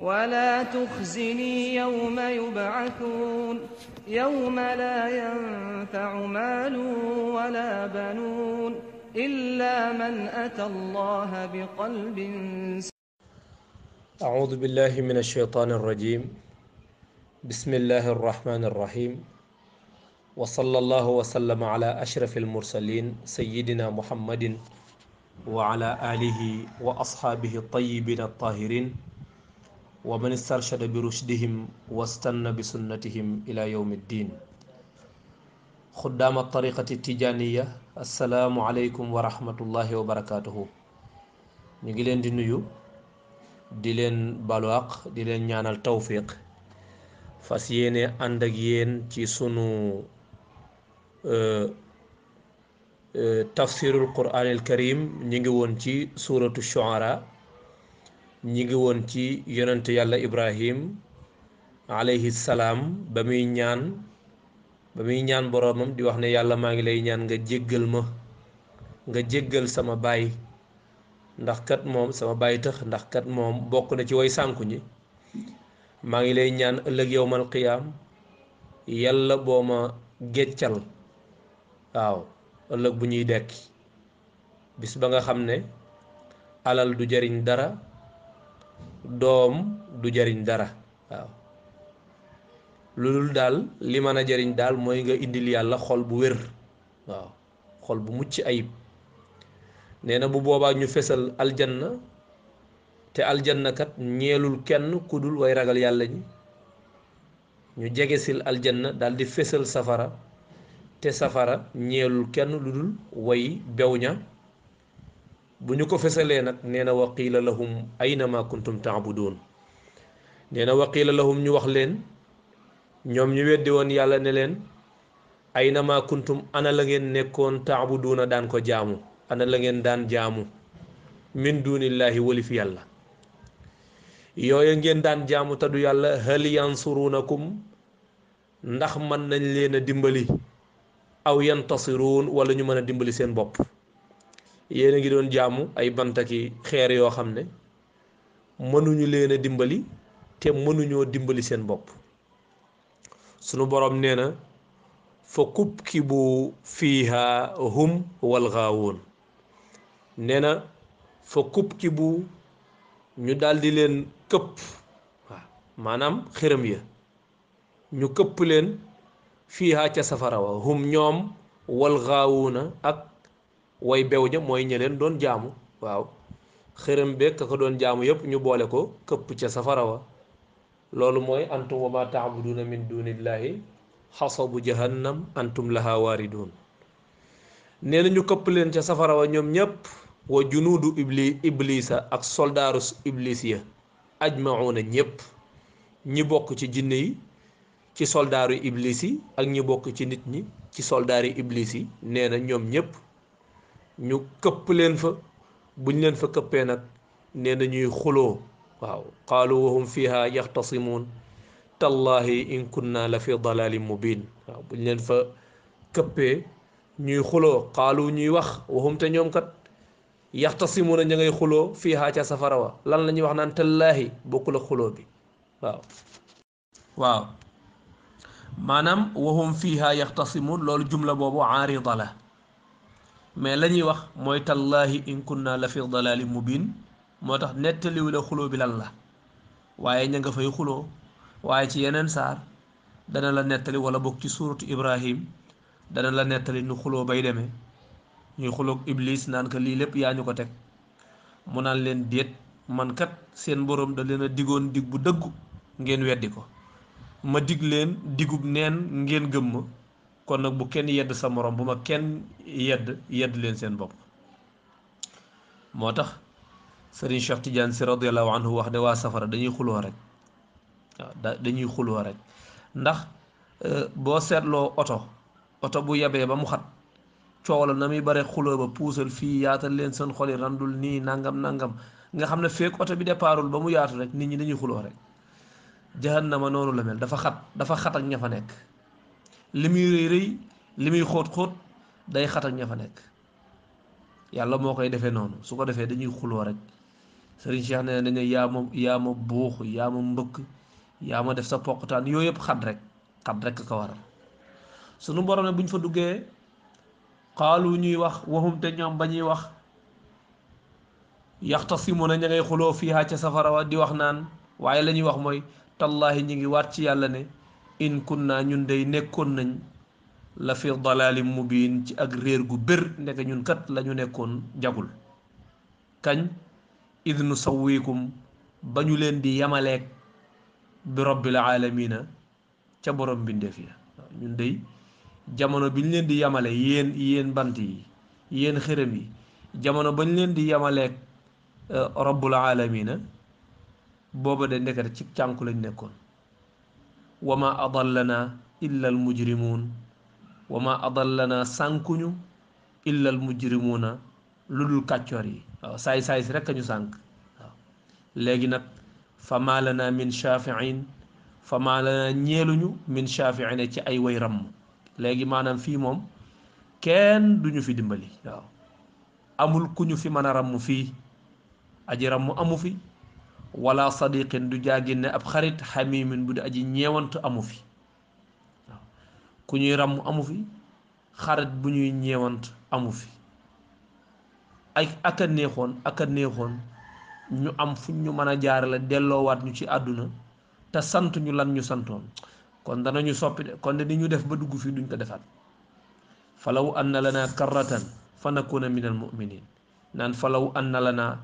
ولا تخزني يوم يبعثون يوم لا ينفع مال ولا بنون إلا من أتى الله بقلب أعوذ بالله من الشيطان الرجيم بسم الله الرحمن الرحيم وصلى الله وسلم على أشرف المرسلين سيدنا محمد وعلى آله وأصحابه الطيبين الطاهرين ومن استرشد برشدهم واستنى بسنتهم إلى يوم الدين خدام الطريقة التجانية السلام عليكم ورحمة الله وبركاته نجلين دنيو دلين بالواق دلين نعنى التوفيق فسيني أندقين تي سنو تفسير القرآن الكريم نيجي سورة الشعراء ñi ngi woon ci yonent yàlla ibrahim alayhi salaam ba muy ñaan ba muy ñaan boroomam di wax ne yàlla maa ngi lay ñaan nga jéggal ma nga jéggal sama baay ndax kat moom sama baay tax ndax kat moom bokk na ci woy sànku ñi maa ngi lay ñaan ëllëg yowmal qiyaam yàlla boo ma geccal waaw ëllëg bu ñuy dekki bis ba nga xam ne alal du jariñ dara dom du jariñ dara waaw lulul dal li mana a jariñ daal mooy nga indil yalla xol bu wér waaw xol bu mucc ayib neena bu boba ñu fessel aljanna te aljanna kat ñeelul kenn kudul way ragal yalla ñi ñu jegesil aljanna dal di fessel safara te safara ñeelul kenn lu way bewña bu ñu ko fesalee nag nee na wa qiila lahum aynama kuntum taabuduun nee na wa qiila lahum ñu wax leen ñoom ñu weddi woon yàlla ne leen aynama kuntum ana la ngeen nekkoon taabuduuna daan ko jaamu ana la ngeen daan jaamu min duunillaahi wolif yàlla yooyu ngeen daan jaamu te du yàlla hal yansurunakum ndax mën nañ leen a dimbali aw yantasiruun wala ñu mën a dimbali seen bopp yéen a ngi doon jaamu ay bantaki xeer yoo xam ne mënuñu leen a dimbali te mënuñoo dimbali seen bopp sunu boroom nee na fa kub ki bu fiiha na fa ki bu ñu daldi leen këpp waaw maanaam xërëm ya ñu këpp leen fiiha ca safara wa hum ñoom walxaawuuna ak way bew ja mooy ña doon jaamu waaw xërëm beeg ka ko doon jaamu yépp ñu boole ko këpp ca safara wa loolu mooy antum wa ma taabuduuna min dunillahi xasabu jahannam antum laha waaridun nee na ñu këpp leen ca safara wa ñoom ñépp wa junuudu ibli iblisa ak soldaarus iblis ya ajmauna ñépp ñi bokk ci jinne ci soldaaru iblis yi ak ñi bokk ci nit ñi ci soldaaru iblis yi nee na ñoom ñépp ñu këpp leen fa buñ leen fa këppee nag nee na ñuy xuloo waaw qaalu wahum fiha yaxtasimuun tallahi in kunna la fi dalalin mubin waaw buñ leen fa këppee ñuy xuloo qaalu ñuy wax te ñoom kat yaxtasimuuna ña ngay xuloo fiha ca safara wa lan la ñuy wax naan xuloo bi waaw waaw maanaam fiha yaxtasimuun loolu jumla boobu aarida la mais la ñuy wax mooy tallaahi in kunna la fi dalaali mubin moo tax nettaliwu xuloo bi lan la waaye ña nga fay xuloo waaye ci yeneen saar dana la nettali wala bokk ci suuratu Ibrahim dana la nettali nu xuloo bay demee ñuy xuloog Iblis naan ko lii lépp yaa ñu ko teg mu naan leen déet mankat seen boroom da leen a digoon dig bu dëggu ngeen weddi ko ma dig leen digub neen ngeen gëm kon nag bu kenn yedd sa morom bu ma kenn yedd yedd leen seen bopp moo tax sëriñ Cheikh Tidiane si radiyallahu anhu wax ne waa safara dañuy xuloo rek dañuy xuloo rek ndax euh, boo seetloo oto oto bu yebee ba mu xat coow la na muy bare xuloo ba puusal fii yaatal leen seen xol yi randul nii nangam nangam nga xam ne feek oto bi depaarul ba mu yaatu rek nit ñi dañuy xuloo rek jahannama noonu la mel dafa xat dafa xat ak ña fa nekk limuy reey reey limuy li muy xóot xóot day xat ak ña fa nekk yàlla moo koy defee noonu su ko defee dañuy xuloo rek sëriñ Cheikh nee nañu yaa ma yaa ma buux yaa ma mbëkk yaa ma def sa poqtaan yooyu yëpp xat rek xat rek ko war sunu borom ne buñ fa duggee xaalu ñuy wax waxum te ñoom ba wax yaxtasimuna ña ngay xuloo safara wa di wax naan waaye la wax mooy tallaahi ñi ngi waat yàlla ne in kunna ñun day nekkoon nañ la fi dalaalin mubiin ci ak réer gu bër ndeke ñun kat lañu nekkoon jagul kañ id nu sawwiikum ba ñu leen di yamaleek bi rabbil aalamiina ca borom mbindeef ya ñun day jamono bi ñu leen di yamale yéen yéen bant yi yéen xërëm yi jamono ba ñu leen di yamaleek eh, rabbul aalamiina booba de ndeket ci cànku lañ nekkoon wa ma adallana illa al mujrimuun wa ma adallana sànkuñu illa al mujrimuuna lu dul kàccoor yi waaw saay-saay si rekk a ñu sànk léegi nag fa maa lana min shafiin fa maa lana ñeeluñu min shafiina ci ay way ramm léegi maanaam fii moom kenn duñu fi dimbali waaw amul ku ñu fi mën a ramm fii aji ramm amu fi wala sadiqin du jaagin ne ab xarit xamimin bu di aji ñeewantu amu fi ku ñuy ràmm amu fi xarit bu ñuy ñeewant amu fi ay aka neexoon aka neexoon ñu am fu ñu mën a jaarale delloowaat ñu ci àdduna te sant ñu lan ñu santoon kon danañu soppi de kon de ni ñu def ba dugg fii duñ ko defaat falaw anna lana karratan fa nakuna min al muminin naan falaw anna lana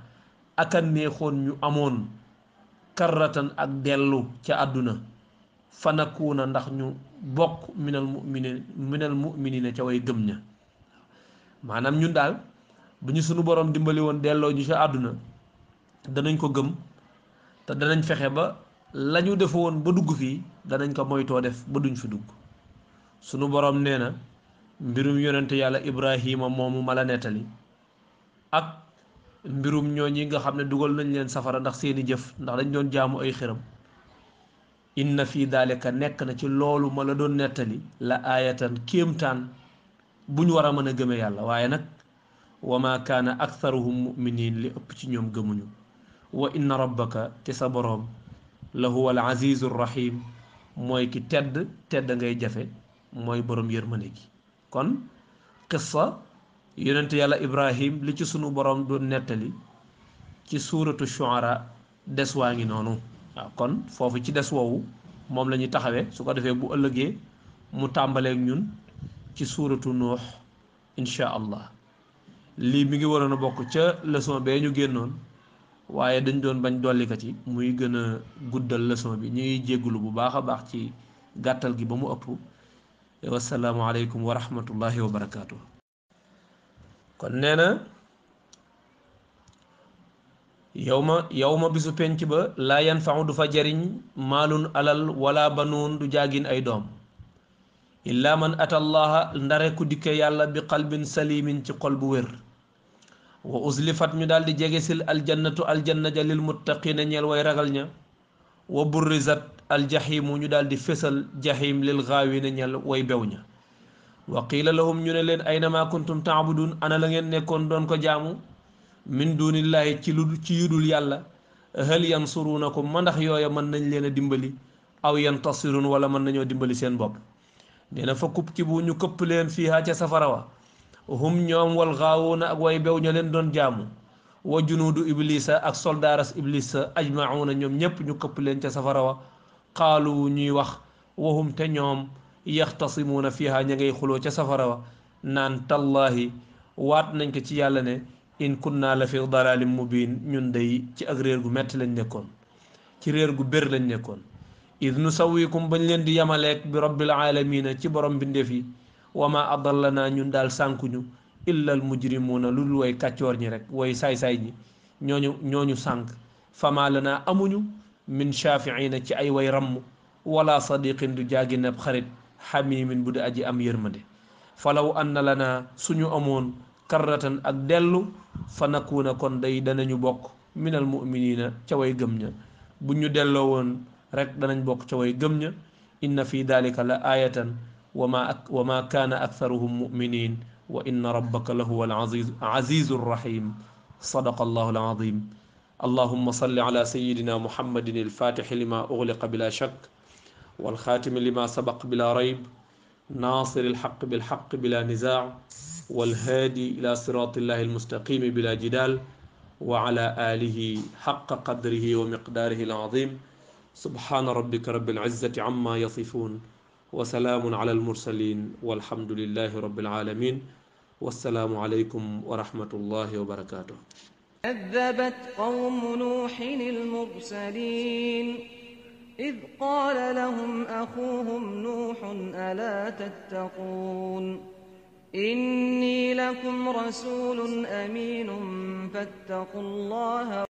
aka neexoon ñu amoon karratan ak dellu ca àdduna fanakuuna ndax ñu bokk minal muminin minal muminina ca way gëm ña maanaam ñun daal bu ñu sunu borom dimbali woon delloo ñu ca àdduna danañ ko gëm te danañ fexe ba lañu ñu defe ba dugg fii danañ ko moytoo def ba duñ fi dugg sunu borom nee na mbirum yonente yàlla ibrahima moomu ma la nettali ak mbirum ñooñi nga xam ne dugal nañ leen safara ndax seeni jëf ndax dañ doon jaamu ay xëram inna fii daalika nekk na ci loolu ma la doon nettali la aayatan kéemtaan bu ñu war a mën a gëmee yàlla waaye nag wa ma kaana aktharuhum li ëpp ci ñoom gëmuñu wa inna rabbaka te sa boroom la huwa al azizu rahim mooy ki tedd tedd ngay jafe mooy boroom yërmande gi kon qissa yonent yàlla ibrahim li ci sunu borom doon nettali ci suuratu shuara des waa ngi noonu waaw kon foofu ci des woowu moom lañuy ñuy taxawee su ko defee bu ëllëgee mu tàmbaleek ñun ci suuratu nuux insha allah lii mi ngi waroon a bokk ca leçon bee ñu génnoon waaye dañ doon bañ dollikat yi muy gën a guddal leçon bi ñu ngi jéggulu bu baax a baax ci gàttal gi ba mu ëpp wassalaamu aleykum wa rahmatullahi wa barakaatu. kon nee na yow ma yow ma bisu penc ba laa yanfau du fa jariñ maalun alal wala banuun du jaagin ay doom illaa man ata allaha ndare ku dikke yàlla bi qalbin salimin ci xol bu wér wa uslifat ñu daal di jegesil aljannatu aljanna ja lil muttaqina ñeel way ragal ña wa burrizat aljahimu ñu daal di fésal jahim lil gaawina ñeel way bew ña wa qiila lahum ñu ne leen ayna ma kuntum taabudun ana la ngeen nekkoon doon ko jaamu min dunillahi ci lu ci yudul yàlla hal yansurunakum ma ndax yooya mën nañ leen a dimbali aw yan yantasirun wala mën nañoo dimbali seen bopp nee na fa kub ki ñu këpp leen fiiha ca safara wa hum ñoom wal xaawuuna ak way bew ña leen doon jaamu wa junuudu iblisa ak soldaaras iblisa ajmauna ñoom ñépp ñu këpp leen ca safara wa qaalu ñuy wax wahum te ñoom yaxtasimuuna fiha ña ngay xuloo ca safara wa naan tallaahi waat nañ ko ci yàlla ne in naa la fi dalalin mubin ñun day ci ak réer gu metti lañ nekkoon ci réer gu bér lañ nekkoon id nu sawikum bañ leen di yamaleek bi rabbil alamina ci borom bindeef yi wa ma adallanaa ñun daal sànkuñu illal mujrimuuna lu dul way kàccoor ñi rek way saay-saay ñi ñooñu ñooñu sànk fama lanaa amuñu min shafiina ci ay way ramm wala sadiqin du jaagi nab xarit حميم بود أجي أم يرمده فلو أن لنا سنو أمون كرتن أقدلو فنكون كون داي دانا نبوك من المؤمنين تواي غمنا بنيو دلوون رك دانا نبوك تواي غمنا إن في ذلك لا آية وما, وما كان أكثرهم مؤمنين وإن ربك له هو العزيز عزيز الرحيم صدق الله العظيم اللهم صل على سيدنا محمد الفاتح لما أغلق بلا شك والخاتم لما سبق بلا ريب ناصر الحق بالحق بلا نزاع والهادي إلى صراط الله المستقيم بلا جدال وعلى آله حق قدره ومقداره العظيم سبحان ربك رب العزة عما يصفون وسلام على المرسلين والحمد لله رب العالمين والسلام عليكم ورحمة الله وبركاته كذبت قوم نوح المرسلين إذ قال لهم أخوهم نوح ألا تتقون إني لكم رسول أمين فاتقوا الله